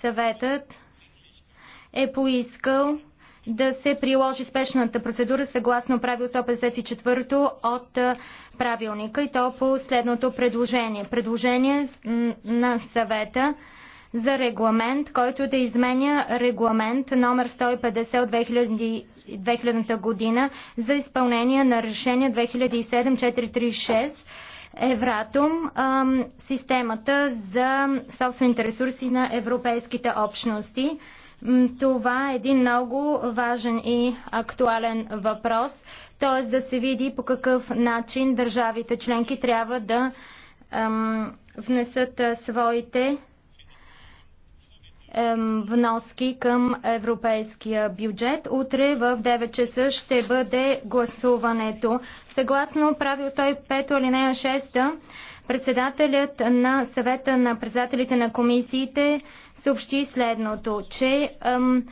Съветът е поискал да се приложи спешната процедура съгласно правил 154 от правилника и то по следното предложение. Предложение на съвета за регламент, който да изменя регламент номер 150 от 2000, 2000 година за изпълнение на решение 2007-436 Евратум, системата за собствените ресурси на европейските общности. Това е един много важен и актуален въпрос, т.е. да се види по какъв начин държавите членки трябва да внесат своите вноски към европейския бюджет. Утре в 9 часа ще бъде гласуването. Съгласно правил 105 алинея 6, председателят на съвета на председателите на комисиите съобщи следното, че ем,